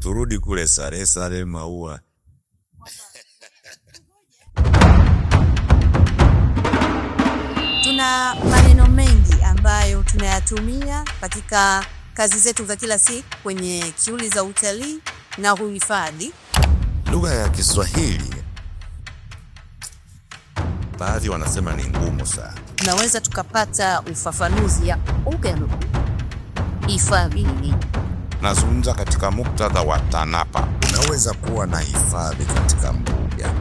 turudi kule sare sare maua tuna maneno mengi ambayo tunayatumia katika kazi zetu za kila siku kwenye shughuli za utalii na uhifadhi. Lugha ya Kiswahili baadhi wanasema ni ngumu sana, tunaweza tukapata ufafanuzi ya ugano hifadhi Nazungumza katika muktadha wa TANAPA. Unaweza kuwa na hifadhi katika mbuga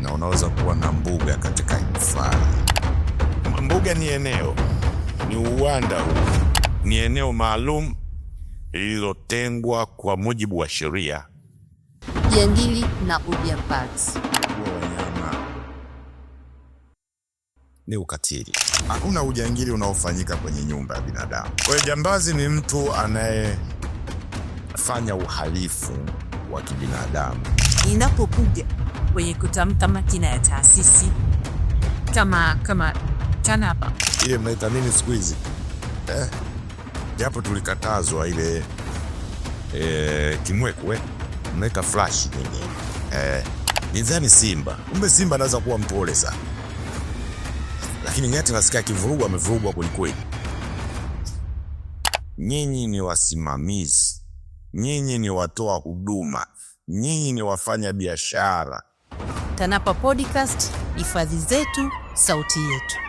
na unaweza kuwa na mbuga katika hifadhi. Mbuga ni eneo, ni uwanda huu, ni eneo maalum lililotengwa kwa mujibu wa sheria. Jangili na unyanyapaa wa wanyama ni ukatili. Hakuna ujangili unaofanyika kwenye nyumba ya binadamu. Kwa hiyo jambazi ni mtu anaye kufanya uhalifu wa kibinadamu. Inapokuja kwenye kutamka majina ya taasisi kama kama TANAPA ile mnaita nini siku hizi eh? Japo tulikatazwa ile eh, kimwekwe eh? mnaita flash nini eh, nidhani Simba, kumbe Simba anaweza kuwa mpole sana, lakini nyati nasikia kivurugwa, amevurugwa kwelikweli. Nyinyi ni wasimamizi nyinyi ni watoa huduma, nyinyi ni wafanya biashara. TANAPA Podcast, hifadhi zetu, sauti yetu.